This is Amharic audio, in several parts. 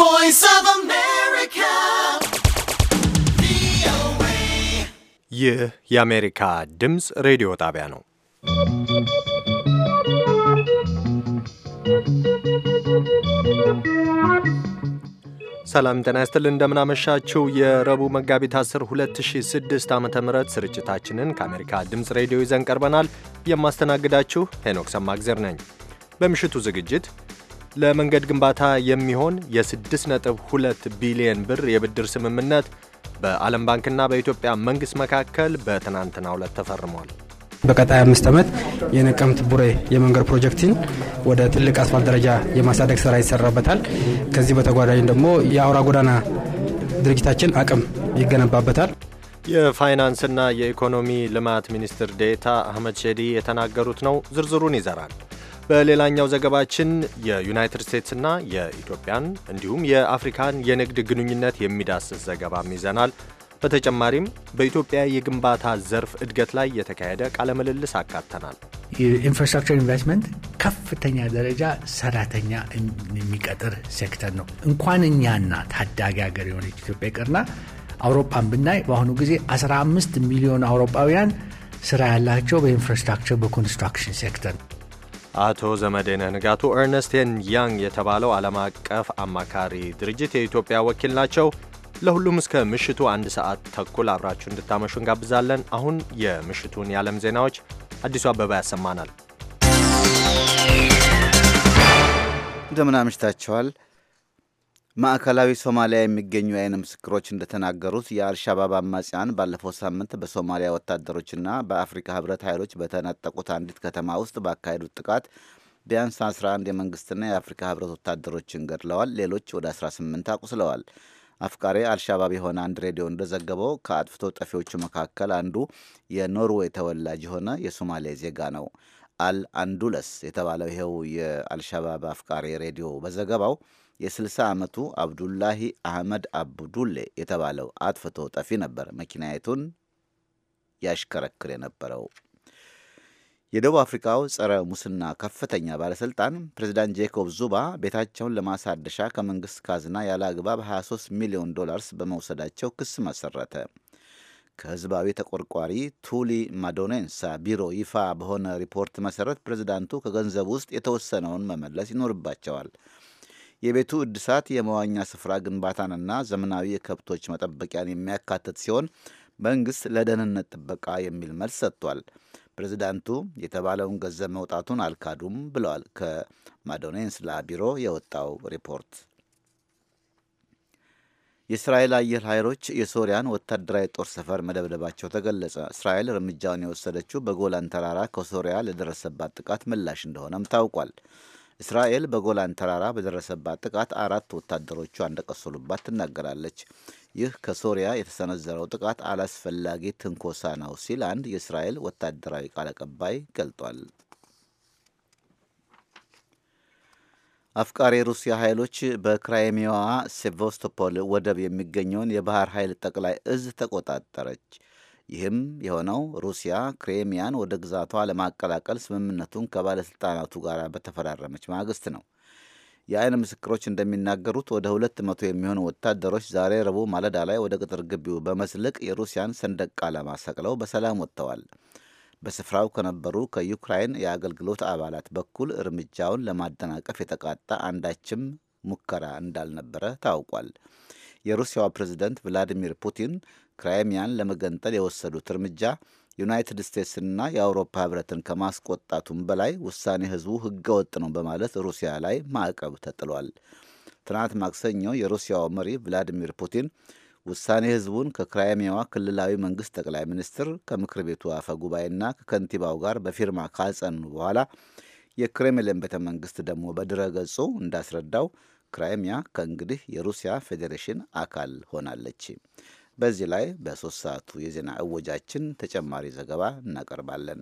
voice of America. ይህ የአሜሪካ ድምፅ ሬዲዮ ጣቢያ ነው። ሰላም ጤና ይስጥልን። እንደምናመሻችው የረቡዕ መጋቢት 10 2006 ዓ ም ስርጭታችንን ከአሜሪካ ድምፅ ሬዲዮ ይዘን ቀርበናል። የማስተናግዳችሁ ሄኖክ ሰማግዜር ነኝ። በምሽቱ ዝግጅት ለመንገድ ግንባታ የሚሆን የ6.2 ቢሊዮን ብር የብድር ስምምነት በዓለም ባንክና በኢትዮጵያ መንግስት መካከል በትናንትናው ዕለት ተፈርሟል። በቀጣይ አምስት ዓመት የነቀምት ቡሬ የመንገድ ፕሮጀክትን ወደ ትልቅ አስፋልት ደረጃ የማሳደግ ስራ ይሰራበታል። ከዚህ በተጓዳኝ ደግሞ የአውራ ጎዳና ድርጅታችን አቅም ይገነባበታል። የፋይናንስና የኢኮኖሚ ልማት ሚኒስትር ዴታ አህመድ ሼዲ የተናገሩት ነው። ዝርዝሩን ይዘራል። በሌላኛው ዘገባችን የዩናይትድ ስቴትስና የኢትዮጵያን እንዲሁም የአፍሪካን የንግድ ግንኙነት የሚዳስስ ዘገባም ይዘናል። በተጨማሪም በኢትዮጵያ የግንባታ ዘርፍ እድገት ላይ የተካሄደ ቃለ ምልልስ አካተናል። የኢንፍራስትራክቸር ኢንቨስትመንት ከፍተኛ ደረጃ ሰራተኛ የሚቀጥር ሴክተር ነው። እንኳን እኛና ታዳጊ ሀገር የሆነች ኢትዮጵያ ይቅርና አውሮፓን ብናይ በአሁኑ ጊዜ 15 ሚሊዮን አውሮፓውያን ስራ ያላቸው በኢንፍራስትራክቸር በኮንስትራክሽን ሴክተር ነው። አቶ ዘመዴነ ንጋቱ ኤርነስቴን ያንግ የተባለው ዓለም አቀፍ አማካሪ ድርጅት የኢትዮጵያ ወኪል ናቸው። ለሁሉም እስከ ምሽቱ አንድ ሰዓት ተኩል አብራችሁ እንድታመሹ እንጋብዛለን። አሁን የምሽቱን የዓለም ዜናዎች አዲሱ አበባ ያሰማናል። እንደምን አምሽታችኋል። ማዕከላዊ ሶማሊያ የሚገኙ የዓይን ምስክሮች እንደተናገሩት የአልሻባብ አማጽያን ባለፈው ሳምንት በሶማሊያ ወታደሮችና በአፍሪካ ህብረት ኃይሎች በተነጠቁት አንዲት ከተማ ውስጥ ባካሄዱት ጥቃት ቢያንስ 11 የመንግስትና የአፍሪካ ህብረት ወታደሮችን ገድለዋል፣ ሌሎች ወደ 18 አቁስለዋል። አፍቃሪ አልሻባብ የሆነ አንድ ሬዲዮ እንደዘገበው ከአጥፍቶ ጠፊዎቹ መካከል አንዱ የኖርዌይ ተወላጅ የሆነ የሶማሌ ዜጋ ነው። አል አንዱለስ የተባለው ይኸው የአልሻባብ አፍቃሪ ሬዲዮ በዘገባው የ60 ዓመቱ አብዱላሂ አህመድ አብዱሌ የተባለው አጥፍቶ ጠፊ ነበር መኪናይቱን ያሽከረክር የነበረው። የደቡብ አፍሪካው ጸረ ሙስና ከፍተኛ ባለሥልጣን ፕሬዚዳንት ጄኮብ ዙባ ቤታቸውን ለማሳደሻ ከመንግሥት ካዝና ያለ አግባብ 23 ሚሊዮን ዶላርስ በመውሰዳቸው ክስ መሠረተ። ከሕዝባዊ ተቆርቋሪ ቱሊ ማዶኔንሳ ቢሮ ይፋ በሆነ ሪፖርት መሠረት ፕሬዚዳንቱ ከገንዘብ ውስጥ የተወሰነውን መመለስ ይኖርባቸዋል። የቤቱ እድሳት የመዋኛ ስፍራ ግንባታንና ዘመናዊ የከብቶች መጠበቂያን የሚያካትት ሲሆን መንግስት ለደህንነት ጥበቃ የሚል መልስ ሰጥቷል። ፕሬዚዳንቱ የተባለውን ገንዘብ መውጣቱን አልካዱም ብለዋል። ከማዶኔንስላ ቢሮ የወጣው ሪፖርት የእስራኤል አየር ኃይሎች የሶሪያን ወታደራዊ ጦር ሰፈር መደብደባቸው ተገለጸ። እስራኤል እርምጃውን የወሰደችው በጎላን ተራራ ከሶሪያ ለደረሰባት ጥቃት ምላሽ እንደሆነም ታውቋል። እስራኤል በጎላን ተራራ በደረሰባት ጥቃት አራት ወታደሮቿ እንደቆሰሉባት ትናገራለች። ይህ ከሶሪያ የተሰነዘረው ጥቃት አላስፈላጊ ትንኮሳ ነው ሲል አንድ የእስራኤል ወታደራዊ ቃል አቀባይ ገልጧል። አፍቃሪ ሩሲያ ኃይሎች በክራይሚያዋ ሴቫስቶፖል ወደብ የሚገኘውን የባህር ኃይል ጠቅላይ እዝ ተቆጣጠረች። ይህም የሆነው ሩሲያ ክሬሚያን ወደ ግዛቷ ለማቀላቀል ስምምነቱን ከባለሥልጣናቱ ጋር በተፈራረመች ማግስት ነው። የአይን ምስክሮች እንደሚናገሩት ወደ ሁለት መቶ የሚሆኑ ወታደሮች ዛሬ ረቡዕ ማለዳ ላይ ወደ ቅጥር ግቢው በመዝለቅ የሩሲያን ሰንደቅ ዓላማ ሰቅለው በሰላም ወጥተዋል። በስፍራው ከነበሩ ከዩክራይን የአገልግሎት አባላት በኩል እርምጃውን ለማደናቀፍ የተቃጣ አንዳችም ሙከራ እንዳልነበረ ታውቋል። የሩሲያው ፕሬዝደንት ቭላዲሚር ፑቲን ክራይሚያን ለመገንጠል የወሰዱት እርምጃ ዩናይትድ ስቴትስንና የአውሮፓ ህብረትን ከማስቆጣቱም በላይ ውሳኔ ሕዝቡ ሕገወጥ ነው በማለት ሩሲያ ላይ ማዕቀብ ተጥሏል። ትናንት ማክሰኞ የሩሲያው መሪ ቭላዲሚር ፑቲን ውሳኔ ሕዝቡን ከክራይሚያዋ ክልላዊ መንግስት ጠቅላይ ሚኒስትር ከምክር ቤቱ አፈ ጉባኤና ከከንቲባው ጋር በፊርማ ካጸኑ በኋላ የክሬምሊን ቤተ መንግስት ደግሞ በድረ ገጹ እንዳስረዳው ክራይሚያ ከእንግዲህ የሩሲያ ፌዴሬሽን አካል ሆናለች። በዚህ ላይ በሶስት ሰዓቱ የዜና እወጃችን ተጨማሪ ዘገባ እናቀርባለን።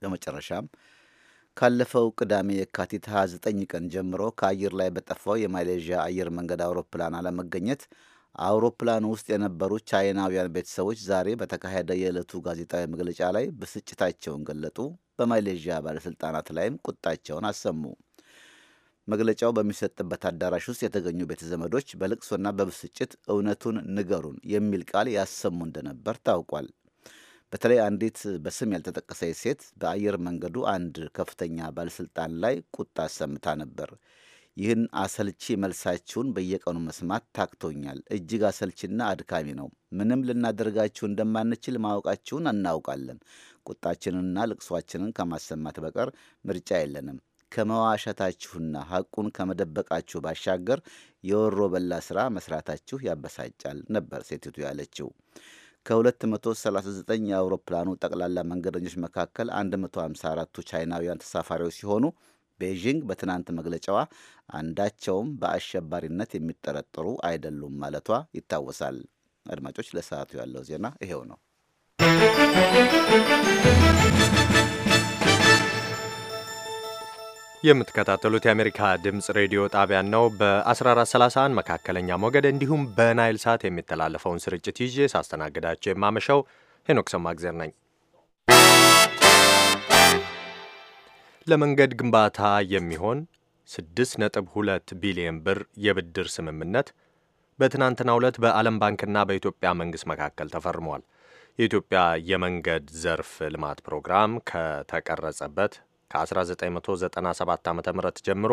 በመጨረሻም ካለፈው ቅዳሜ የካቲት 29 ቀን ጀምሮ ከአየር ላይ በጠፋው የማሌዥያ አየር መንገድ አውሮፕላን አለመገኘት አውሮፕላን ውስጥ የነበሩ ቻይናውያን ቤተሰቦች ዛሬ በተካሄደ የዕለቱ ጋዜጣዊ መግለጫ ላይ ብስጭታቸውን ገለጡ። በማሌዥያ ባለሥልጣናት ላይም ቁጣቸውን አሰሙ። መግለጫው በሚሰጥበት አዳራሽ ውስጥ የተገኙ ቤተ ዘመዶች በልቅሶና በብስጭት እውነቱን ንገሩን የሚል ቃል ያሰሙ እንደነበር ታውቋል። በተለይ አንዲት በስም ያልተጠቀሰች ሴት በአየር መንገዱ አንድ ከፍተኛ ባለስልጣን ላይ ቁጣ አሰምታ ነበር። ይህን አሰልቺ መልሳችሁን በየቀኑ መስማት ታክቶኛል። እጅግ አሰልቺና አድካሚ ነው። ምንም ልናደርጋችሁ እንደማንችል ማወቃችሁን እናውቃለን። ቁጣችንንና ልቅሷችንን ከማሰማት በቀር ምርጫ የለንም። ከመዋሸታችሁና ሐቁን ከመደበቃችሁ ባሻገር የወሮ በላ ሥራ መስራታችሁ ያበሳጫል ነበር ሴቲቱ ያለችው። ከ239 የአውሮፕላኑ ጠቅላላ መንገደኞች መካከል 154ቱ ቻይናውያን ተሳፋሪዎች ሲሆኑ ቤይዥንግ በትናንት መግለጫዋ አንዳቸውም በአሸባሪነት የሚጠረጠሩ አይደሉም ማለቷ ይታወሳል። አድማጮች፣ ለሰዓቱ ያለው ዜና ይሄው ነው። የምትከታተሉት የአሜሪካ ድምፅ ሬዲዮ ጣቢያን ነው። በ1431 መካከለኛ ሞገድ እንዲሁም በናይል ሳት የሚተላለፈውን ስርጭት ይዤ ሳስተናግዳቸው የማመሻው ሄኖክ ሰማግዜር ነኝ። ለመንገድ ግንባታ የሚሆን 6.2 ቢሊዮን ብር የብድር ስምምነት በትናንትናው ዕለት በዓለም ባንክና በኢትዮጵያ መንግሥት መካከል ተፈርሟል። የኢትዮጵያ የመንገድ ዘርፍ ልማት ፕሮግራም ከተቀረጸበት ከ1997 ዓ ም ጀምሮ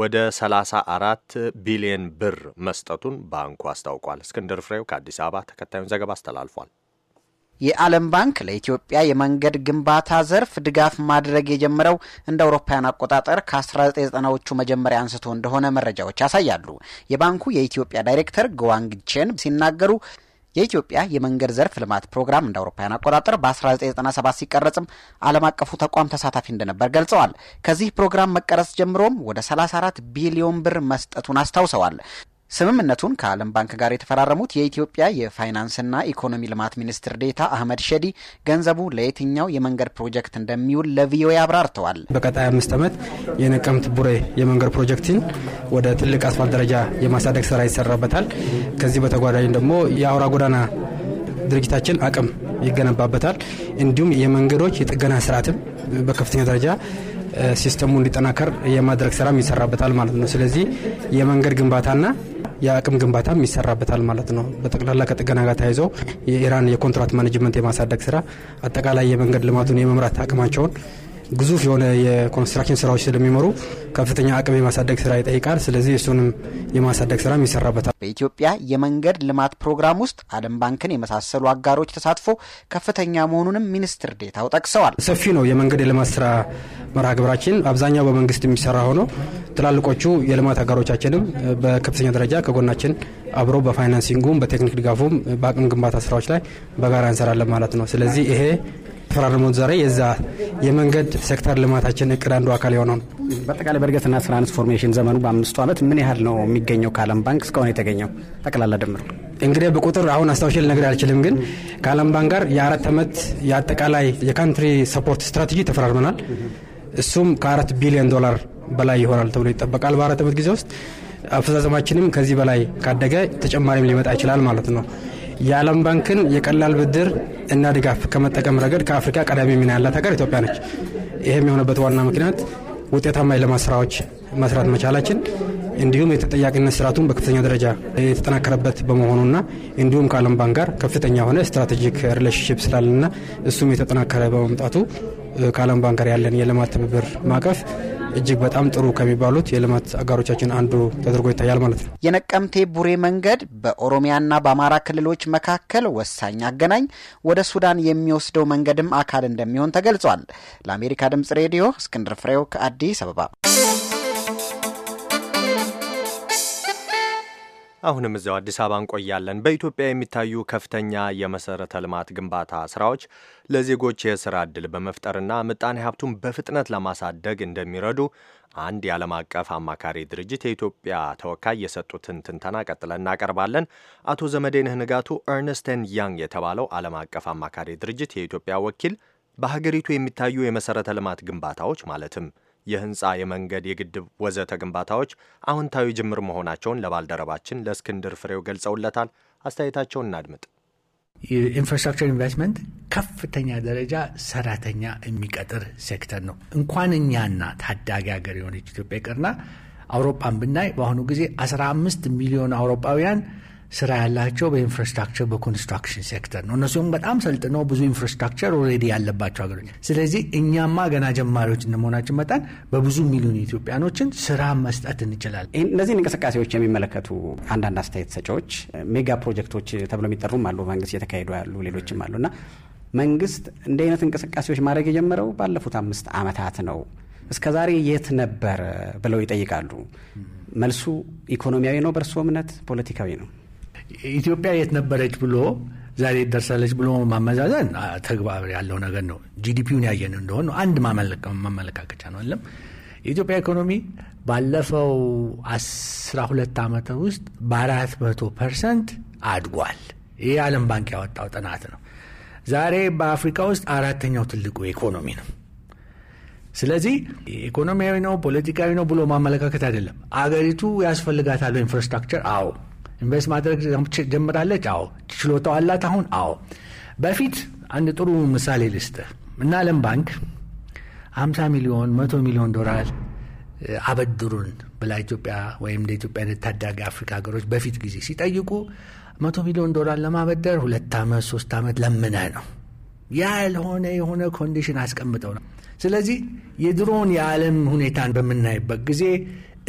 ወደ 34 ቢሊዮን ብር መስጠቱን ባንኩ አስታውቋል። እስክንድር ፍሬው ከአዲስ አበባ ተከታዩን ዘገባ አስተላልፏል። የዓለም ባንክ ለኢትዮጵያ የመንገድ ግንባታ ዘርፍ ድጋፍ ማድረግ የጀመረው እንደ አውሮፓውያን አቆጣጠር ከ1990ዎቹ መጀመሪያ አንስቶ እንደሆነ መረጃዎች ያሳያሉ። የባንኩ የኢትዮጵያ ዳይሬክተር ጎዋንግቼን ሲናገሩ የኢትዮጵያ የመንገድ ዘርፍ ልማት ፕሮግራም እንደ አውሮፓውያን አቆጣጠር በ1997 ሲቀረጽም ዓለም አቀፉ ተቋም ተሳታፊ እንደነበር ገልጸዋል። ከዚህ ፕሮግራም መቀረጽ ጀምሮም ወደ 34 ቢሊዮን ብር መስጠቱን አስታውሰዋል። ስምምነቱን ከዓለም ባንክ ጋር የተፈራረሙት የኢትዮጵያ የፋይናንስና ኢኮኖሚ ልማት ሚኒስትር ዴታ አህመድ ሸዲ ገንዘቡ ለየትኛው የመንገድ ፕሮጀክት እንደሚውል ለቪኦኤ አብራርተዋል። በቀጣይ አምስት ዓመት የነቀምት ቡሬ የመንገድ ፕሮጀክትን ወደ ትልቅ አስፋልት ደረጃ የማሳደግ ስራ ይሰራበታል። ከዚህ በተጓዳኝ ደግሞ የአውራ ጎዳና ድርጅታችን አቅም ይገነባበታል። እንዲሁም የመንገዶች የጥገና ስርዓትም በከፍተኛ ደረጃ ሲስተሙ እንዲጠናከር የማድረግ ስራም ይሰራበታል ማለት ነው። ስለዚህ የመንገድ ግንባታና የአቅም ግንባታም ይሰራበታል ማለት ነው። በጠቅላላ ከጥገና ጋር ተያይዞ የኢራን የኮንትራት ማኔጅመንት የማሳደግ ስራ፣ አጠቃላይ የመንገድ ልማቱን የመምራት አቅማቸውን ግዙፍ የሆነ የኮንስትራክሽን ስራዎች ስለሚኖሩ ከፍተኛ አቅም የማሳደግ ስራ ይጠይቃል። ስለዚህ እሱንም የማሳደግ ስራም ይሰራበታል። በኢትዮጵያ የመንገድ ልማት ፕሮግራም ውስጥ ዓለም ባንክን የመሳሰሉ አጋሮች ተሳትፎ ከፍተኛ መሆኑንም ሚኒስትር ዴታው ጠቅሰዋል። ሰፊ ነው የመንገድ የልማት ስራ መርሃ ግብራችን አብዛኛው በመንግስት የሚሰራ ሆኖ ትላልቆቹ የልማት አጋሮቻችንም በከፍተኛ ደረጃ ከጎናችን አብሮ በፋይናንሲንጉም በቴክኒክ ድጋፉም በአቅም ግንባታ ስራዎች ላይ በጋራ እንሰራለን ማለት ነው። ስለዚህ ይሄ ተፈራርሞት ዛሬ የዛ የመንገድ ሴክተር ልማታችን እቅድ አንዱ አካል የሆነው በአጠቃላይ በእድገትና ትራንስፎርሜሽን ዘመኑ በአምስቱ ዓመት ምን ያህል ነው የሚገኘው ከዓለም ባንክ እስካሁን የተገኘው ጠቅላላ ድምሩ? እንግዲህ በቁጥር አሁን አስታውሼ ልነግር አልችልም፣ ግን ከዓለም ባንክ ጋር የአራት ዓመት የአጠቃላይ የካንትሪ ሰፖርት ስትራቴጂ ተፈራርመናል። እሱም ከአራት ቢሊዮን ዶላር በላይ ይሆናል ተብሎ ይጠበቃል በአራት ዓመት ጊዜ ውስጥ አፈጻጸማችንም ከዚህ በላይ ካደገ ተጨማሪም ሊመጣ ይችላል ማለት ነው። የዓለም ባንክን የቀላል ብድር እና ድጋፍ ከመጠቀም ረገድ ከአፍሪካ ቀዳሚ ሚና ያላት ሀገር ኢትዮጵያ ነች። ይህም የሆነበት ዋና ምክንያት ውጤታማ የልማት ስራዎች መስራት መቻላችን እንዲሁም የተጠያቂነት ስርዓቱን በከፍተኛ ደረጃ የተጠናከረበት በመሆኑና እንዲሁም ከዓለም ባንክ ጋር ከፍተኛ የሆነ ስትራቴጂክ ሪሌሽንሽፕ ስላለና እሱም የተጠናከረ በመምጣቱ ከዓለም ባንክ ጋር ያለን የልማት ትብብር ማቀፍ። እጅግ በጣም ጥሩ ከሚባሉት የልማት አጋሮቻችን አንዱ ተደርጎ ይታያል ማለት ነው። የነቀምቴ ቡሬ መንገድ በኦሮሚያና በአማራ ክልሎች መካከል ወሳኝ አገናኝ፣ ወደ ሱዳን የሚወስደው መንገድም አካል እንደሚሆን ተገልጿል። ለአሜሪካ ድምጽ ሬዲዮ እስክንድር ፍሬው ከአዲስ አበባ አሁንም እዚያው አዲስ አበባ እንቆያለን። በኢትዮጵያ የሚታዩ ከፍተኛ የመሰረተ ልማት ግንባታ ስራዎች ለዜጎች የስራ ዕድል በመፍጠርና ምጣኔ ሀብቱን በፍጥነት ለማሳደግ እንደሚረዱ አንድ የዓለም አቀፍ አማካሪ ድርጅት የኢትዮጵያ ተወካይ የሰጡትን ትንተና ቀጥለን እናቀርባለን። አቶ ዘመዴንህ ንጋቱ ኤርነስትን ያንግ የተባለው ዓለም አቀፍ አማካሪ ድርጅት የኢትዮጵያ ወኪል በሀገሪቱ የሚታዩ የመሰረተ ልማት ግንባታዎች ማለትም የህንፃ፣ የመንገድ፣ የግድብ ወዘተ ግንባታዎች አዎንታዊ ጅምር መሆናቸውን ለባልደረባችን ለእስክንድር ፍሬው ገልጸውለታል። አስተያየታቸውን እናድምጥ። የኢንፍራስትራክቸር ኢንቨስትመንት ከፍተኛ ደረጃ ሰራተኛ የሚቀጥር ሴክተር ነው። እንኳን እኛና ታዳጊ ሀገር የሆነች ኢትዮጵያ ይቅርና አውሮፓን ብናይ በአሁኑ ጊዜ 15 ሚሊዮን አውሮፓውያን ስራ ያላቸው በኢንፍራስትራክቸር በኮንስትራክሽን ሴክተር ነው። እነሱም በጣም ሰልጥነው ብዙ ኢንፍራስትራክቸር ኦልሬዲ ያለባቸው ሀገሮች። ስለዚህ እኛማ ገና ጀማሪዎች እንደመሆናችን መጠን በብዙ ሚሊዮን ኢትዮጵያኖችን ስራ መስጠት እንችላለን። እነዚህን እንቅስቃሴዎች የሚመለከቱ አንዳንድ አስተያየት ሰጫዎች ሜጋ ፕሮጀክቶች ተብሎ የሚጠሩም አሉ፣ መንግስት እየተካሄዱ ያሉ ሌሎችም እና መንግስት እንዲህ አይነት እንቅስቃሴዎች ማድረግ የጀመረው ባለፉት አምስት ዓመታት ነው እስከ ዛሬ የት ነበር ብለው ይጠይቃሉ። መልሱ ኢኮኖሚያዊ ነው በእርስዎ እምነት? ፖለቲካዊ ነው? ኢትዮጵያ የት ነበረች ብሎ ዛሬ ደርሳለች ብሎ ማመዛዘን ተግባር ያለው ነገር ነው። ጂዲፒውን ያየን እንደሆን አንድ ማመለካከቻ ነው አለም የኢትዮጵያ ኢኮኖሚ ባለፈው አስራ ሁለት ዓመት ውስጥ በአራት መቶ ፐርሰንት አድጓል። ይህ የዓለም ባንክ ያወጣው ጥናት ነው። ዛሬ በአፍሪካ ውስጥ አራተኛው ትልቁ ኢኮኖሚ ነው። ስለዚህ ኢኮኖሚያዊ ነው ፖለቲካዊ ነው ብሎ ማመለካከት አይደለም። አገሪቱ ያስፈልጋታል ኢንፍራስትራክቸር አዎ ኢንቨስት ማድረግ ጀምራለች። አዎ። ችሎታው አላት አሁን። አዎ። በፊት አንድ ጥሩ ምሳሌ ልስጥህ እና ዓለም ባንክ 50 ሚሊዮን 100 ሚሊዮን ዶላር አበድሩን ብላ ኢትዮጵያ ወይም እንደ ኢትዮጵያ አይነት ታዳጊ አፍሪካ ሀገሮች በፊት ጊዜ ሲጠይቁ መቶ ሚሊዮን ዶላር ለማበደር ሁለት ዓመት ሶስት ዓመት ለምነ ነው። ያ ያልሆነ የሆነ ኮንዲሽን አስቀምጠው ነው። ስለዚህ የድሮውን የዓለም ሁኔታን በምናይበት ጊዜ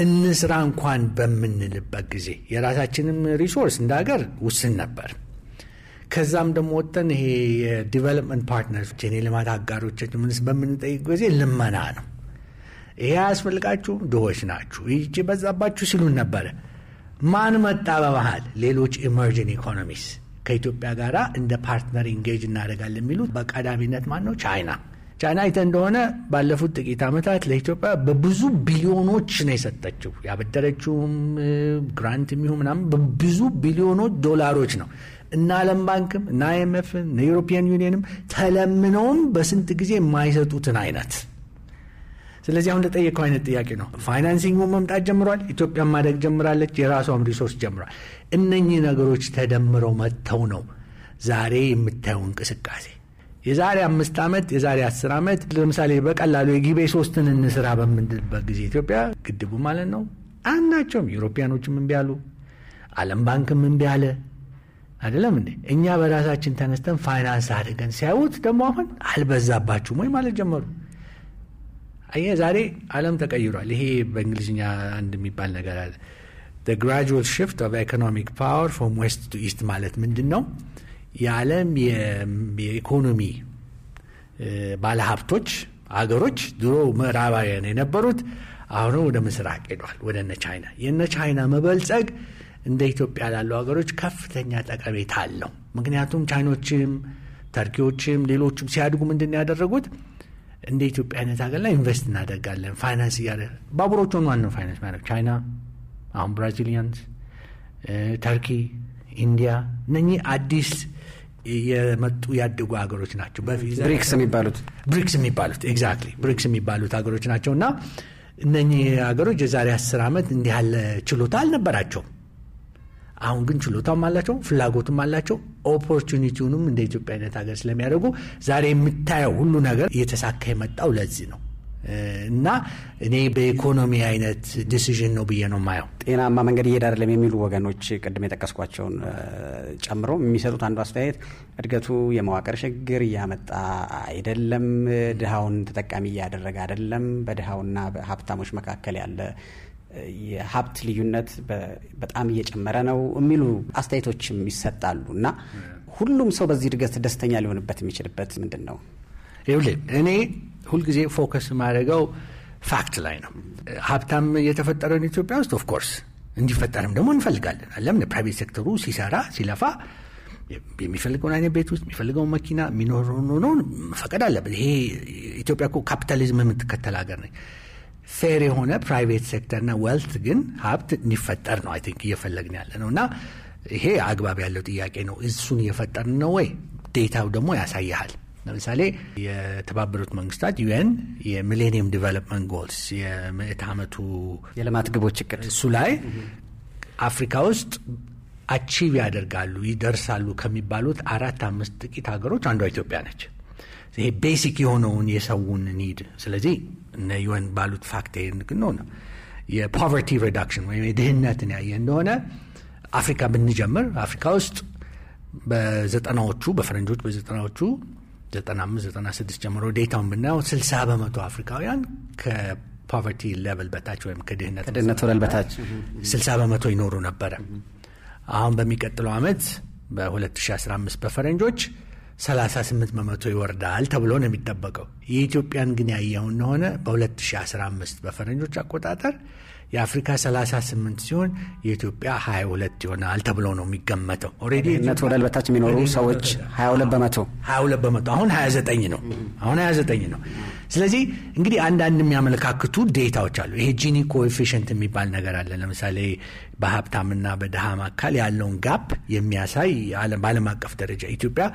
እንስራ እንኳን በምንልበት ጊዜ የራሳችንም ሪሶርስ እንደ ሀገር ውስን ነበር። ከዛም ደግሞ ወጥተን ይሄ የዲቨሎፕመንት ፓርትነር የኔ ልማት አጋሮችን ምንስ በምንጠይቅ ጊዜ ልመና ነው። ይሄ አያስፈልጋችሁም፣ ድሆች ናችሁ፣ ይቺ በዛባችሁ ሲሉን ነበረ። ማን መጣ በመሃል? ሌሎች ኢመርጂን ኢኮኖሚስ ከኢትዮጵያ ጋር እንደ ፓርትነር ኢንጌጅ እናደርጋለን የሚሉት በቀዳሚነት ማን ነው? ቻይና ቻይና አይተ እንደሆነ ባለፉት ጥቂት ዓመታት ለኢትዮጵያ በብዙ ቢሊዮኖች ነው የሰጠችው። ያበደረችውም ግራንት የሚሆን ምናምን በብዙ ቢሊዮኖች ዶላሮች ነው እና ዓለም ባንክም እና አይኤምኤፍም እነ ዩሮፒያን ዩኒየንም ተለምነውም በስንት ጊዜ የማይሰጡትን አይነት ስለዚህ አሁን ለጠየቀው አይነት ጥያቄ ነው። ፋይናንሲንጉ መምጣት ጀምሯል። ኢትዮጵያ ማደግ ጀምራለች። የራሷም ሪሶርስ ጀምሯል። እነኚህ ነገሮች ተደምረው መጥተው ነው ዛሬ የምታየው እንቅስቃሴ የዛሬ አምስት ዓመት የዛሬ አስር ዓመት ለምሳሌ በቀላሉ የጊቤ ሶስትን እንስራ በምንልበት ጊዜ ኢትዮጵያ ግድቡ ማለት ነው አናቸውም። ዩሮፒያኖችም እምቢ አሉ፣ ዓለም ባንክም እምቢ አለ። አይደለም እንዴ? እኛ በራሳችን ተነስተን ፋይናንስ አድርገን ሲያዩት ደግሞ አሁን አልበዛባችሁም ወይ ማለት ጀመሩ። አየ ዛሬ አለም ተቀይሯል። ይሄ በእንግሊዝኛ አንድ የሚባል ነገር አለ፣ ግራጁዋል ሽፍት ኦፍ ኢኮኖሚክ ፓወር ፍሮም ዌስት ቱ ኢስት ማለት ምንድን ነው? የዓለም የኢኮኖሚ ባለሀብቶች አገሮች ድሮ ምዕራባውያን የነበሩት አሁንም ወደ ምስራቅ ሄዷል፣ ወደ እነ ቻይና። የእነ ቻይና መበልጸግ እንደ ኢትዮጵያ ላሉ ሀገሮች ከፍተኛ ጠቀሜታ አለው። ምክንያቱም ቻይኖችም ተርኪዎችም ሌሎችም ሲያድጉ ምንድን ያደረጉት እንደ ኢትዮጵያ አይነት ሀገር ላይ ኢንቨስት እናደርጋለን ፋይናንስ እያለ ባቡሮቹን ማን ነው ፋይናንስ ማድረግ? ቻይና፣ አሁን ብራዚሊያንስ፣ ተርኪ፣ ኢንዲያ እነኚህ አዲስ የመጡ ያደጉ ሀገሮች ናቸው። ብሪክስ የሚባሉት ብሪክስ የሚባሉት ኤግዛክትሊ ብሪክስ የሚባሉት ሀገሮች ናቸው እና እነኚህ ሀገሮች የዛሬ አስር ዓመት እንዲህ ያለ ችሎታ አልነበራቸውም። አሁን ግን ችሎታም አላቸው፣ ፍላጎትም አላቸው። ኦፖርቹኒቲውንም እንደ ኢትዮጵያ አይነት ሀገር ስለሚያደርጉ ዛሬ የምታየው ሁሉ ነገር እየተሳካ የመጣው ለዚህ ነው። እና እኔ በኢኮኖሚ አይነት ዲሲዥን ነው ብዬ ነው ማየው። ጤናማ መንገድ እየሄድ አይደለም የሚሉ ወገኖች ቅድም የጠቀስኳቸውን ጨምሮ የሚሰጡት አንዱ አስተያየት እድገቱ የመዋቅር ችግር እያመጣ አይደለም፣ ድሃውን ተጠቃሚ እያደረገ አይደለም፣ በድሃውና በሀብታሞች መካከል ያለ የሀብት ልዩነት በጣም እየጨመረ ነው የሚሉ አስተያየቶችም ይሰጣሉ እና ሁሉም ሰው በዚህ እድገት ደስተኛ ሊሆንበት የሚችልበት ምንድን ነው? ይኸውልህ እኔ ሁልጊዜ ፎከስ የማደርገው ፋክት ላይ ነው። ሀብታም የተፈጠረውን ኢትዮጵያ ውስጥ ኦፍኮርስ እንዲፈጠርም ደግሞ እንፈልጋለን። ለምን ፕራይቬት ሴክተሩ ሲሰራ ሲለፋ የሚፈልገውን አይነት ቤት ውስጥ የሚፈልገውን መኪና የሚኖረውን መፈቀድ አለበት። ይሄ ኢትዮጵያ እኮ ካፒታሊዝም የምትከተል ሀገር ነች። ፌር የሆነ ፕራይቬት ሴክተርና ዌልት ግን ሀብት እንዲፈጠር ነው አይ ቲንክ እየፈለግን ያለ ነው እና ይሄ አግባብ ያለው ጥያቄ ነው። እሱን እየፈጠርን ነው ወይ? ዴታው ደግሞ ያሳይሃል። ለምሳሌ የተባበሩት መንግስታት ዩኤን የሚሌኒየም ዲቨሎፕመንት ጎልስ የምዕት ዓመቱ የልማት ግቦች እቅድ እሱ ላይ አፍሪካ ውስጥ አቺቭ ያደርጋሉ ይደርሳሉ ከሚባሉት አራት አምስት ጥቂት ሀገሮች አንዷ ኢትዮጵያ ነች። ይሄ ቤሲክ የሆነውን የሰውን ኒድ ስለዚህ እነ ዩኤን ባሉት ፋክት ግን ሆነ የፖቨርቲ ሪዳክሽን ወይም የድህነትን ያየ እንደሆነ አፍሪካ ብንጀምር አፍሪካ ውስጥ በዘጠናዎቹ በፈረንጆች በዘጠናዎቹ 9596 ጀምሮ ዴታውን ብናየው 60 በመቶ አፍሪካውያን ከፖቨርቲ ሌቨል በታች ወይም ከድህነት ወለል በታች 60 በመቶ ይኖሩ ነበረ። አሁን በሚቀጥለው ዓመት በ2015 በፈረንጆች 38 በመቶ ይወርዳል ተብሎ ነው የሚጠበቀው። የኢትዮጵያን ግን ያየው እንደሆነ በ2015 በፈረንጆች አቆጣጠር የአፍሪካ 38 ሲሆን የኢትዮጵያ 22 ይሆናል ተብሎ ነው የሚገመተው። ኦልሬዲነት ወለል በታች የሚኖሩ ሰዎች 22 በመቶ 22 በመቶ አሁን 29 ነው አሁን 29 ነው። ስለዚህ እንግዲህ አንዳንድ የሚያመለካክቱ ዴታዎች አሉ። ይሄ ጂኒ ኮኤፊሽንት የሚባል ነገር አለ። ለምሳሌ በሀብታምና በድሃ መካከል ያለውን ጋፕ የሚያሳይ በዓለም አቀፍ ደረጃ ኢትዮጵያ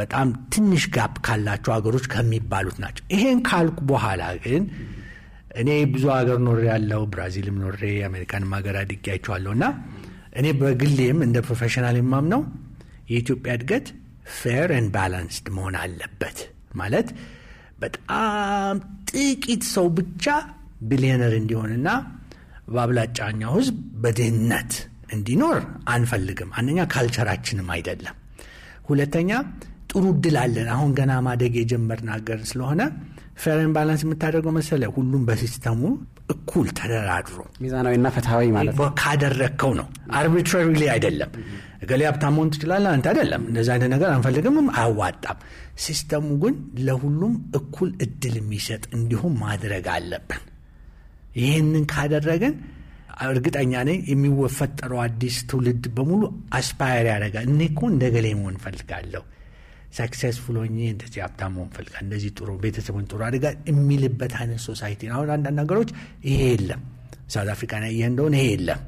በጣም ትንሽ ጋፕ ካላቸው ሀገሮች ከሚባሉት ናቸው። ይሄን ካልኩ በኋላ ግን እኔ ብዙ ሀገር ኖሬ ያለው ብራዚልም ኖሬ አሜሪካንም ሀገር አድጌያቸዋለሁ እና እኔ በግሌም እንደ ፕሮፌሽናል የማምነው የኢትዮጵያ እድገት ፌር ን ባላንስድ መሆን አለበት። ማለት በጣም ጥቂት ሰው ብቻ ቢሊዮነር እንዲሆንና በአብላጫኛው ህዝብ በድህነት እንዲኖር አንፈልግም። አንደኛ ካልቸራችንም አይደለም። ሁለተኛ ጥሩ እድል አለን። አሁን ገና ማደግ የጀመርን ሀገር ስለሆነ ፌርን ባላንስ የምታደርገው መሰለ ሁሉም በሲስተሙ እኩል ተደራድሮ ሚዛናዊና ፍትሐዊ ማለት ነው ካደረግከው ነው። አርቢትራሪ አይደለም። እገሌ ሀብታም መሆን ትችላለህ አንተ አይደለም። እንደዚ አይነት ነገር አንፈልግምም፣ አያዋጣም። ሲስተሙ ግን ለሁሉም እኩል እድል የሚሰጥ እንዲሁም ማድረግ አለብን። ይህንን ካደረግን እርግጠኛ ነኝ የሚፈጠረው አዲስ ትውልድ በሙሉ አስፓየር ያደርጋል። እኔ እኮ እንደ ገሌ መሆን እፈልጋለሁ ሰክሰስፉል ሆኜ እንደዚህ ሀብታም መሆን ፈልጋ እንደዚህ ጥሩ ቤተሰቡን ጥሩ አድጋ የሚልበት አይነት ሶሳይቲ ነው። አሁን አንዳንድ ነገሮች ይሄ የለም። ሳውት አፍሪካን ያየህ እንደሆነ ይሄ የለም።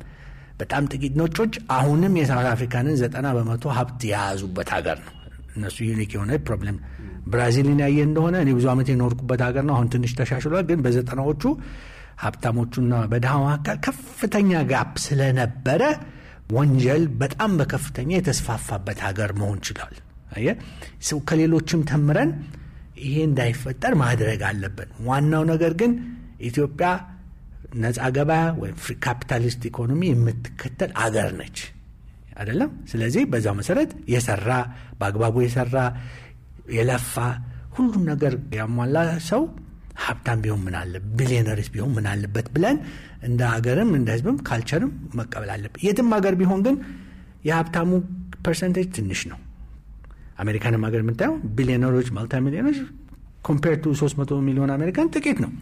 በጣም ጥቂት ነጮች አሁንም የሳውት አፍሪካንን ዘጠና በመቶ ሀብት የያዙበት ሀገር ነው። እነሱ ዩኒክ የሆነ ፕሮብሌም ብራዚልን ያየ እንደሆነ እኔ ብዙ ዓመት የኖርኩበት ሀገር ነው። አሁን ትንሽ ተሻሽሏል። ግን በዘጠናዎቹ ሀብታሞቹና በድሃ መካከል ከፍተኛ ጋፕ ስለነበረ ወንጀል በጣም በከፍተኛ የተስፋፋበት ሀገር መሆን ችሏል። ሰው ከሌሎችም ተምረን ይሄ እንዳይፈጠር ማድረግ አለብን። ዋናው ነገር ግን ኢትዮጵያ ነፃ ገበያ ወይም ፍሪ ካፒታሊስት ኢኮኖሚ የምትከተል አገር ነች አይደለም። ስለዚህ በዛ መሰረት የሰራ በአግባቡ የሰራ የለፋ ሁሉም ነገር ያሟላ ሰው ሀብታም ቢሆን ምን አለ ቢሊዮነርስ ቢሆን ምን አለበት ብለን እንደ ሀገርም እንደ ህዝብም ካልቸርም መቀበል አለብን። የትም ሀገር ቢሆን ግን የሀብታሙ ፐርሰንቴጅ ትንሽ ነው። አሜሪካንም ሀገር የምታየው ቢሊዮነሮች ማልታ ሚሊዮኖች ኮምፔር ቱ 300 ሚሊዮን አሜሪካን ጥቂት ነው።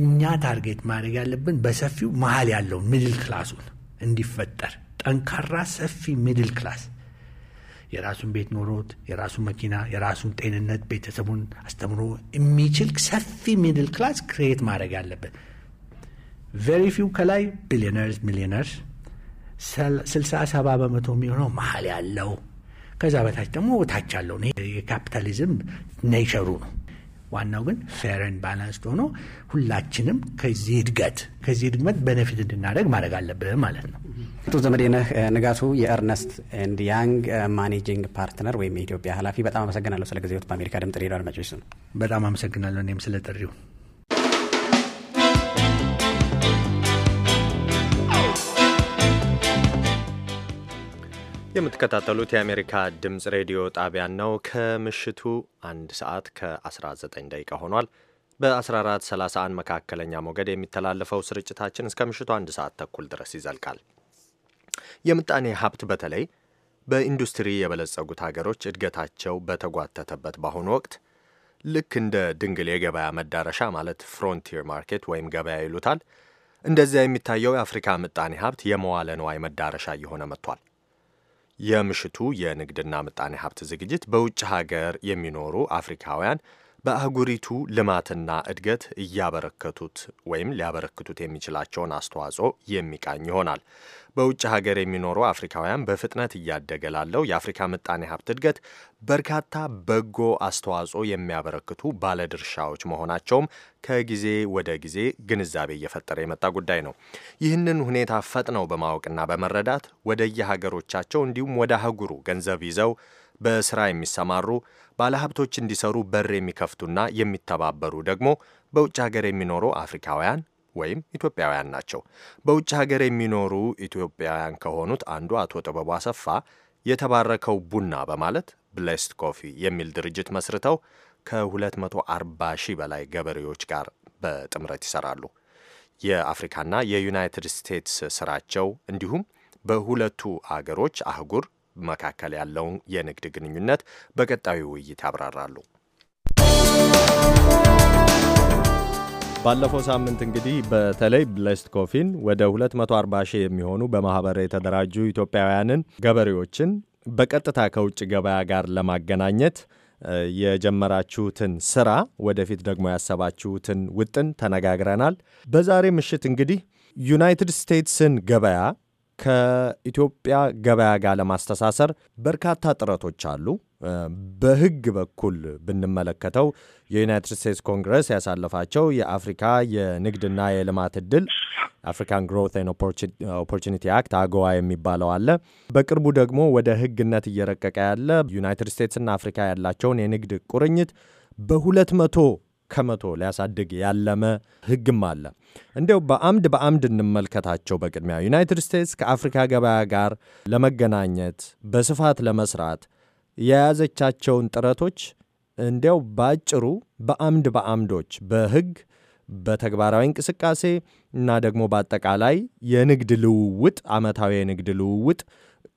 እኛ ታርጌት ማድረግ ያለብን በሰፊው መሀል ያለው ሚድል ክላሱን እንዲፈጠር ጠንካራ ሰፊ ሚድል ክላስ የራሱን ቤት ኖሮት የራሱን መኪና የራሱን ጤንነት ቤተሰቡን አስተምሮ የሚችል ሰፊ ሚድል ክላስ ክሬት ማድረግ ያለብን። ቨሪ ፊው ከላይ ቢሊዮነርስ ሚሊዮነርስ ስልሳ ሰባ በመቶ የሚሆነው መሀል ያለው ከዛ በታች ደግሞ ታች አለው። የካፒታሊዝም ኔቸሩ ነው። ዋናው ግን ፌረን ባላንስድ ሆኖ ሁላችንም ከዚህ እድገት ከዚህ እድገት በነፊት እንድናደርግ ማድረግ አለብን ማለት ነው። አቶ ዘመዴነህ ንጋቱ የእርነስት ኤንድ ያንግ ማኔጂንግ ፓርትነር ወይም የኢትዮጵያ ኃላፊ፣ በጣም አመሰግናለሁ ስለ ጊዜዎት በአሜሪካ ድምጽ ሬዲዮ አድማጮች ስም በጣም አመሰግናለሁ እኔም ስለ ጥሪው። የምትከታተሉት የአሜሪካ ድምፅ ሬዲዮ ጣቢያን ነው። ከምሽቱ አንድ ሰዓት ከ19 ደቂቃ ሆኗል። በ1431 መካከለኛ ሞገድ የሚተላለፈው ስርጭታችን እስከ ምሽቱ አንድ ሰዓት ተኩል ድረስ ይዘልቃል። የምጣኔ ሀብት በተለይ በኢንዱስትሪ የበለጸጉት ሀገሮች እድገታቸው በተጓተተበት በአሁኑ ወቅት ልክ እንደ ድንግል የገበያ መዳረሻ ማለት ፍሮንቲር ማርኬት ወይም ገበያ ይሉታል። እንደዚያ የሚታየው የአፍሪካ ምጣኔ ሀብት የመዋለ ንዋይ መዳረሻ እየሆነ መጥቷል። የምሽቱ የንግድና ምጣኔ ሀብት ዝግጅት በውጭ ሀገር የሚኖሩ አፍሪካውያን በአህጉሪቱ ልማትና እድገት እያበረከቱት ወይም ሊያበረክቱት የሚችላቸውን አስተዋጽኦ የሚቃኝ ይሆናል። በውጭ ሀገር የሚኖሩ አፍሪካውያን በፍጥነት እያደገ ላለው የአፍሪካ ምጣኔ ሀብት እድገት በርካታ በጎ አስተዋጽኦ የሚያበረክቱ ባለድርሻዎች መሆናቸውም ከጊዜ ወደ ጊዜ ግንዛቤ እየፈጠረ የመጣ ጉዳይ ነው። ይህንን ሁኔታ ፈጥነው በማወቅና በመረዳት ወደየሀገሮቻቸው እንዲሁም ወደ አህጉሩ ገንዘብ ይዘው በስራ የሚሰማሩ ባለሀብቶች እንዲሰሩ በር የሚከፍቱና የሚተባበሩ ደግሞ በውጭ ሀገር የሚኖሩ አፍሪካውያን ወይም ኢትዮጵያውያን ናቸው። በውጭ ሀገር የሚኖሩ ኢትዮጵያውያን ከሆኑት አንዱ አቶ ጥበቡ አሰፋ የተባረከው ቡና በማለት ብሌስድ ኮፊ የሚል ድርጅት መስርተው ከ240 ሺህ በላይ ገበሬዎች ጋር በጥምረት ይሰራሉ። የአፍሪካና የዩናይትድ ስቴትስ ስራቸው እንዲሁም በሁለቱ አገሮች አህጉር መካከል ያለውን የንግድ ግንኙነት በቀጣዩ ውይይት ያብራራሉ። ባለፈው ሳምንት እንግዲህ በተለይ ብለስት ኮፊን ወደ 240 ሺህ የሚሆኑ በማህበር የተደራጁ ኢትዮጵያውያንን ገበሬዎችን በቀጥታ ከውጭ ገበያ ጋር ለማገናኘት የጀመራችሁትን ስራ ወደፊት ደግሞ ያሰባችሁትን ውጥን ተነጋግረናል። በዛሬ ምሽት እንግዲህ ዩናይትድ ስቴትስን ገበያ ከኢትዮጵያ ገበያ ጋር ለማስተሳሰር በርካታ ጥረቶች አሉ። በህግ በኩል ብንመለከተው የዩናይትድ ስቴትስ ኮንግረስ ያሳለፋቸው የአፍሪካ የንግድና የልማት እድል አፍሪካን ግሮት ን ኦፖርቹኒቲ አክት አገዋ የሚባለው አለ። በቅርቡ ደግሞ ወደ ህግነት እየረቀቀ ያለ ዩናይትድ ስቴትስና አፍሪካ ያላቸውን የንግድ ቁርኝት በሁለት መቶ ከመቶ ሊያሳድግ ያለመ ህግም አለ። እንዲው በአምድ በአምድ እንመልከታቸው። በቅድሚያ ዩናይትድ ስቴትስ ከአፍሪካ ገበያ ጋር ለመገናኘት በስፋት ለመስራት የያዘቻቸውን ጥረቶች እንዲያው ባጭሩ በአምድ በአምዶች በሕግ በተግባራዊ እንቅስቃሴ እና ደግሞ በአጠቃላይ የንግድ ልውውጥ ዓመታዊ የንግድ ልውውጥ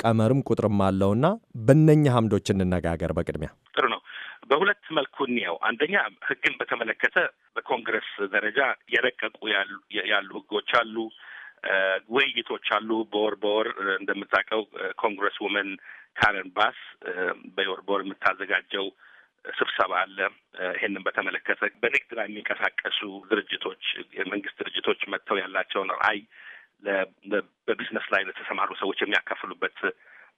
ቀመርም ቁጥርም አለውና በእነኛ አምዶች እንነጋገር። በቅድሚያ ጥሩ ነው። በሁለት መልኩ እንየው። አንደኛ ህግን በተመለከተ በኮንግረስ ደረጃ የረቀቁ ያሉ ህጎች አሉ። ውይይቶች አሉ። በወር በወር እንደምታውቀው ኮንግረስ ውመን ካረን ባስ በወር በወር የምታዘጋጀው ስብሰባ አለ። ይሄንን በተመለከተ በንግድ ላይ የሚንቀሳቀሱ ድርጅቶች፣ የመንግስት ድርጅቶች መጥተው ያላቸውን ራዕይ በቢዝነስ ላይ ለተሰማሩ ሰዎች የሚያካፍሉበት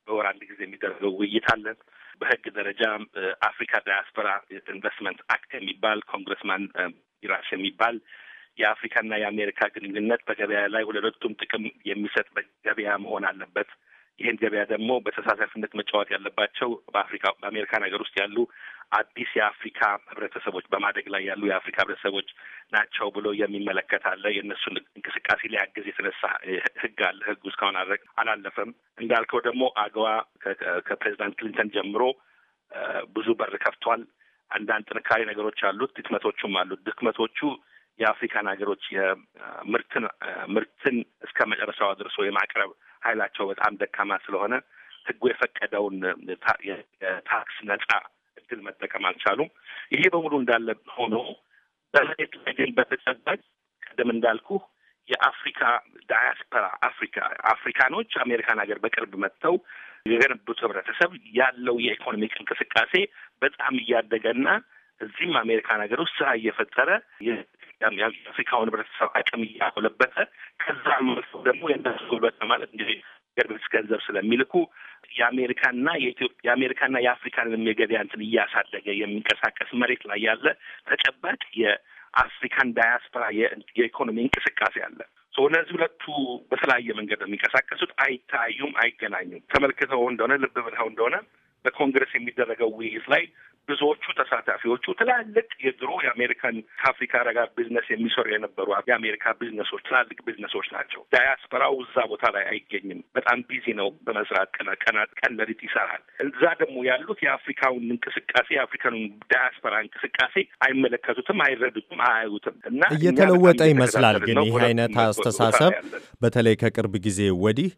በወር አንድ ጊዜ የሚደረገው ውይይት አለ። በህግ ደረጃ አፍሪካ ዳያስፖራ ኢንቨስትመንት አክት የሚባል ኮንግረስማን ራሽ የሚባል የአፍሪካና የአሜሪካ ግንኙነት በገበያ ላይ ለሁለቱም ጥቅም የሚሰጥ በገበያ መሆን አለበት ይህን ገበያ ደግሞ በተሳሳፊነት መጫወት ያለባቸው በአፍሪካ በአሜሪካን ሀገር ውስጥ ያሉ አዲስ የአፍሪካ ህብረተሰቦች በማደግ ላይ ያሉ የአፍሪካ ህብረተሰቦች ናቸው ብሎ የሚመለከት አለ። የእነሱን እንቅስቃሴ ሊያግዝ የተነሳ ህግ አለ። ህጉ እስካሁን አድረግ አላለፈም። እንዳልከው ደግሞ አገዋ ከፕሬዚዳንት ክሊንተን ጀምሮ ብዙ በር ከፍቷል። አንዳንድ ጥንካሬ ነገሮች አሉት፣ ድክመቶቹም አሉት። ድክመቶቹ የአፍሪካን ሀገሮች የምርትን ምርትን እስከ መጨረሻዋ ደርሶ የማቅረብ ኃይላቸው በጣም ደካማ ስለሆነ ህጉ የፈቀደውን የታክስ ነጻ እድል መጠቀም አልቻሉም። ይሄ በሙሉ እንዳለ ሆኖ በመሬት ላይ ግን በተጨባጭ ቀደም እንዳልኩ የአፍሪካ ዳያስፖራ አፍሪካ አፍሪካኖች አሜሪካን ሀገር በቅርብ መጥተው የገነቡት ህብረተሰብ ያለው የኢኮኖሚክ እንቅስቃሴ በጣም እያደገና እዚህም አሜሪካን ሀገር ውስጥ ስራ እየፈጠረ የአፍሪካውን ህብረተሰብ አቅም እያጎለበተ ከዛ መልሶ ደግሞ የእነሱ ጉልበት ማለት እንግዲህ ገርቤስ ገንዘብ ስለሚልኩ የአሜሪካና የኢትዮጵያ የአሜሪካና የአፍሪካን የገበያ እንትን እያሳደገ የሚንቀሳቀስ መሬት ላይ ያለ ተጨባጭ የአፍሪካን ዳያስፖራ የኢኮኖሚ እንቅስቃሴ አለ። እነዚህ ሁለቱ በተለያየ መንገድ የሚንቀሳቀሱት። አይታዩም፣ አይገናኙም። ተመልክተው እንደሆነ ልብ ብለው እንደሆነ በኮንግረስ የሚደረገው ውይይት ላይ ብዙዎቹ ተሳታፊዎቹ ትላልቅ የድሮ የአሜሪካን ከአፍሪካ ረጋ ቢዝነስ የሚሰሩ የነበሩ የአሜሪካ ቢዝነሶች ትላልቅ ቢዝነሶች ናቸው። ዳያስፖራው እዛ ቦታ ላይ አይገኝም። በጣም ቢዚ ነው በመስራት ቀናት ቀን ለሊት ይሰራል። እዛ ደግሞ ያሉት የአፍሪካውን እንቅስቃሴ የአፍሪካኑን ዳያስፖራ እንቅስቃሴ አይመለከቱትም፣ አይረዱትም፣ አያዩትም እና እየተለወጠ ይመስላል። ግን ይህ አይነት አስተሳሰብ በተለይ ከቅርብ ጊዜ ወዲህ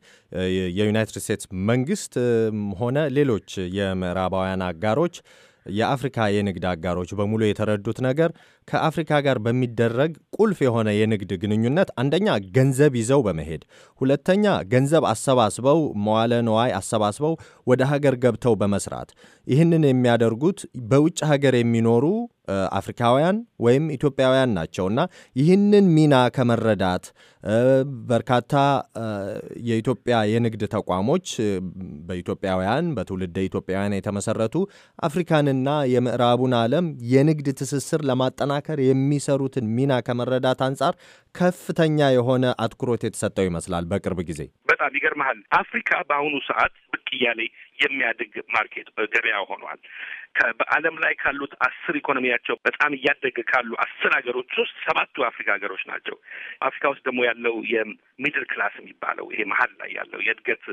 የዩናይትድ ስቴትስ መንግስት ሆነ ሌሎች የምዕራባውያን አጋሮች የአፍሪካ የንግድ አጋሮች በሙሉ የተረዱት ነገር ከአፍሪካ ጋር በሚደረግ ቁልፍ የሆነ የንግድ ግንኙነት አንደኛ ገንዘብ ይዘው በመሄድ ሁለተኛ ገንዘብ አሰባስበው መዋለ ነዋይ አሰባስበው ወደ ሀገር ገብተው በመስራት ይህንን የሚያደርጉት በውጭ ሀገር የሚኖሩ አፍሪካውያን ወይም ኢትዮጵያውያን እና ይህንን ሚና ከመረዳት በርካታ የኢትዮጵያ የንግድ ተቋሞች በኢትዮጵያውያን በትውልደ ኢትዮጵያውያን የተመሰረቱ አፍሪካንና የምዕራቡን ዓለም የንግድ ትስስር ለማጠና ለማጠናከር የሚሰሩትን ሚና ከመረዳት አንጻር ከፍተኛ የሆነ አትኩሮት የተሰጠው ይመስላል። በቅርብ ጊዜ በጣም ይገርመሃል፣ አፍሪካ በአሁኑ ሰዓት ብቅ እያለ የሚያድግ ማርኬት ገበያ ሆኗል። በዓለም ላይ ካሉት አስር ኢኮኖሚያቸው በጣም እያደገ ካሉ አስር ሀገሮች ውስጥ ሰባቱ አፍሪካ ሀገሮች ናቸው። አፍሪካ ውስጥ ደግሞ ያለው የሚድል ክላስ የሚባለው ይሄ መሀል ላይ ያለው የእድገት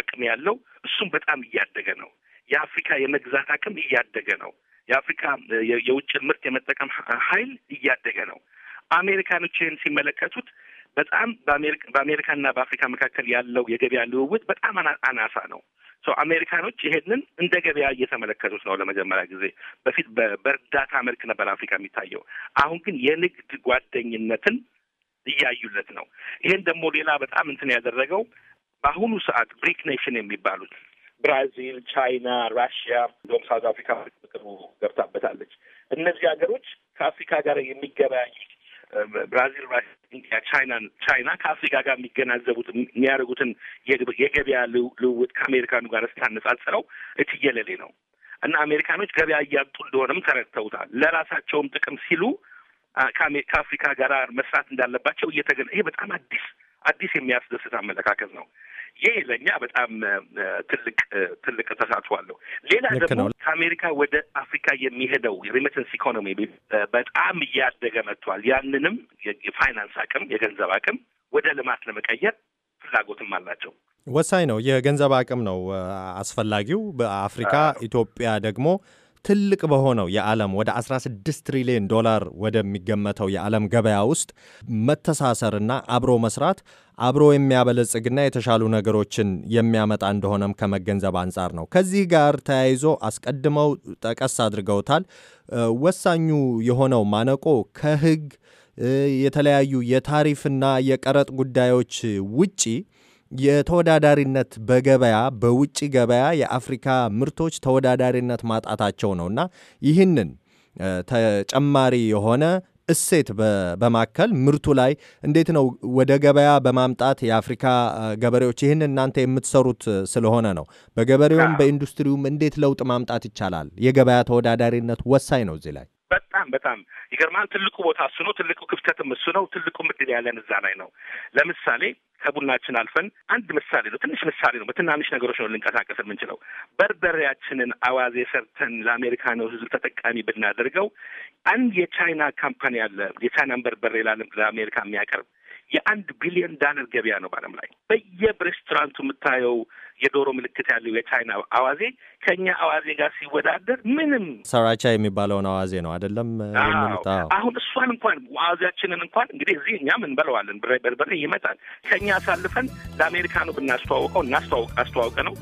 አቅም ያለው እሱም በጣም እያደገ ነው። የአፍሪካ የመግዛት አቅም እያደገ ነው። የአፍሪካ የውጭ ምርት የመጠቀም ኃይል እያደገ ነው። አሜሪካኖች ይህን ሲመለከቱት በጣም በአሜሪካና በአፍሪካ መካከል ያለው የገበያ ልውውጥ በጣም አናሳ ነው። አሜሪካኖች ይሄንን እንደ ገበያ እየተመለከቱት ነው። ለመጀመሪያ ጊዜ በፊት በእርዳታ መልክ ነበር አፍሪካ የሚታየው። አሁን ግን የንግድ ጓደኝነትን እያዩለት ነው። ይሄን ደግሞ ሌላ በጣም እንትን ያደረገው በአሁኑ ሰዓት ብሪክ ኔሽን የሚባሉት ብራዚል፣ ቻይና፣ ራሽያ እንዲሁም ሳውዝ አፍሪካ በቅርቡ ገብታበታለች። እነዚህ ሀገሮች ከአፍሪካ ጋር የሚገበያዩት ብራዚል፣ ራሽያ፣ ቻይና ቻይና ከአፍሪካ ጋር የሚገናዘቡት የሚያደርጉትን የገበያ ልውውጥ ከአሜሪካኑ ጋር ስታነጻጽረው እትየለሌ ነው እና አሜሪካኖች ገበያ እያጡ እንደሆነም ተረድተውታል። ለራሳቸውም ጥቅም ሲሉ ከአፍሪካ ጋር መስራት እንዳለባቸው እየተገ ይሄ በጣም አዲስ አዲስ የሚያስደስት አመለካከት ነው። ይህ ለእኛ በጣም ትልቅ ትልቅ ተሳትፎ አለው። ሌላ ደግሞ ከአሜሪካ ወደ አፍሪካ የሚሄደው የሪሚተንስ ኢኮኖሚ በጣም እያደገ መጥቷል። ያንንም የፋይናንስ አቅም የገንዘብ አቅም ወደ ልማት ለመቀየር ፍላጎትም አላቸው። ወሳኝ ነው። የገንዘብ አቅም ነው አስፈላጊው። በአፍሪካ ኢትዮጵያ ደግሞ ትልቅ በሆነው የዓለም ወደ 16 ትሪሊዮን ዶላር ወደሚገመተው የዓለም ገበያ ውስጥ መተሳሰርና አብሮ መስራት አብሮ የሚያበለጽግና የተሻሉ ነገሮችን የሚያመጣ እንደሆነም ከመገንዘብ አንጻር ነው። ከዚህ ጋር ተያይዞ አስቀድመው ጠቀስ አድርገውታል። ወሳኙ የሆነው ማነቆ ከሕግ የተለያዩ የታሪፍና የቀረጥ ጉዳዮች ውጪ የተወዳዳሪነት በገበያ በውጭ ገበያ የአፍሪካ ምርቶች ተወዳዳሪነት ማጣታቸው ነው እና ይህንን ተጨማሪ የሆነ እሴት በማከል ምርቱ ላይ እንዴት ነው ወደ ገበያ በማምጣት የአፍሪካ ገበሬዎች ይህን እናንተ የምትሰሩት ስለሆነ ነው። በገበሬውም በኢንዱስትሪውም እንዴት ለውጥ ማምጣት ይቻላል? የገበያ ተወዳዳሪነት ወሳኝ ነው እዚህ ላይ በጣም በጣም ይገርማል። ትልቁ ቦታ እሱ ነው። ትልቁ ክፍተትም እሱ ነው። ትልቁ ምድል ያለን እዛ ላይ ነው። ለምሳሌ ከቡናችን አልፈን አንድ ምሳሌ ነው፣ ትንሽ ምሳሌ ነው። በትናንሽ ነገሮች ነው ልንቀሳቀስ የምንችለው። በርበሬያችንን አዋዜ ሰርተን ለአሜሪካኖ ሕዝብ ተጠቃሚ ብናደርገው አንድ የቻይና ካምፓኒ አለ፣ የቻይናን በርበሬ ለአሜሪካ የሚያቀርብ የአንድ ቢሊዮን ዳለር ገበያ ነው በዓለም ላይ። በየሬስቶራንቱ የምታየው የዶሮ ምልክት ያለው የቻይና አዋዜ ከኛ አዋዜ ጋር ሲወዳደር ምንም ሰራቻ የሚባለውን አዋዜ ነው አይደለም። አሁን እሷን እንኳን አዋዜያችንን እንኳን እንግዲህ እዚህ እኛም እንበለዋለን፣ በርበሬ ይመጣል። ከኛ አሳልፈን ለአሜሪካ ነው ብናስተዋውቀው እናስተዋውቅ አስተዋውቀ ነው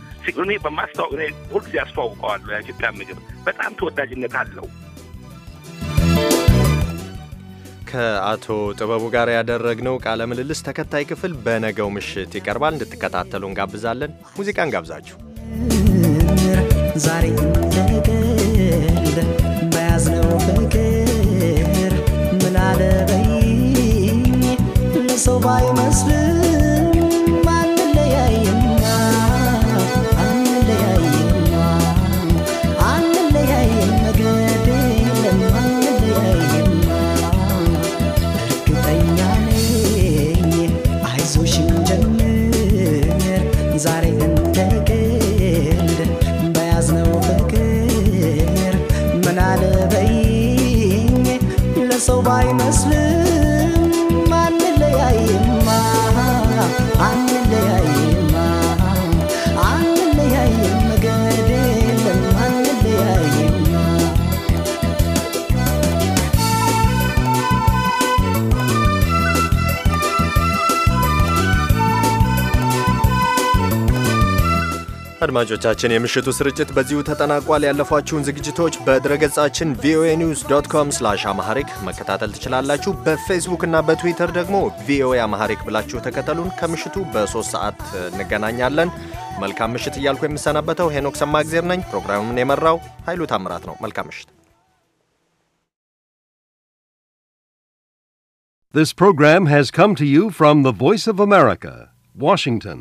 እኔ በማስተዋወቅ ሁልጊዜ አስተዋውቀዋለሁ። የኢትዮጵያ ምግብ በጣም ተወዳጅነት አለው። ከአቶ ጥበቡ ጋር ያደረግነው ቃለ ምልልስ ተከታይ ክፍል በነገው ምሽት ይቀርባል። እንድትከታተሉ እንጋብዛለን። ሙዚቃ እንጋብዛችሁ ዛሬ አድማጮቻችን የምሽቱ ስርጭት በዚሁ ተጠናቋል። ያለፏችሁን ዝግጅቶች በድረገጻችን ቪኦኤ ኒውስ ዶት ኮም ስላሽ አማሐሪክ መከታተል ትችላላችሁ። በፌስቡክ እና በትዊተር ደግሞ ቪኦኤ አማሐሪክ ብላችሁ ተከተሉን። ከምሽቱ በሶስት ሰዓት እንገናኛለን። መልካም ምሽት እያልኩ የምሰናበተው ሄኖክ ሰማእግዜር ነኝ። ፕሮግራሙን የመራው ኃይሉ ታምራት ነው። መልካም ምሽት። This program has come to you from the Voice of America, Washington.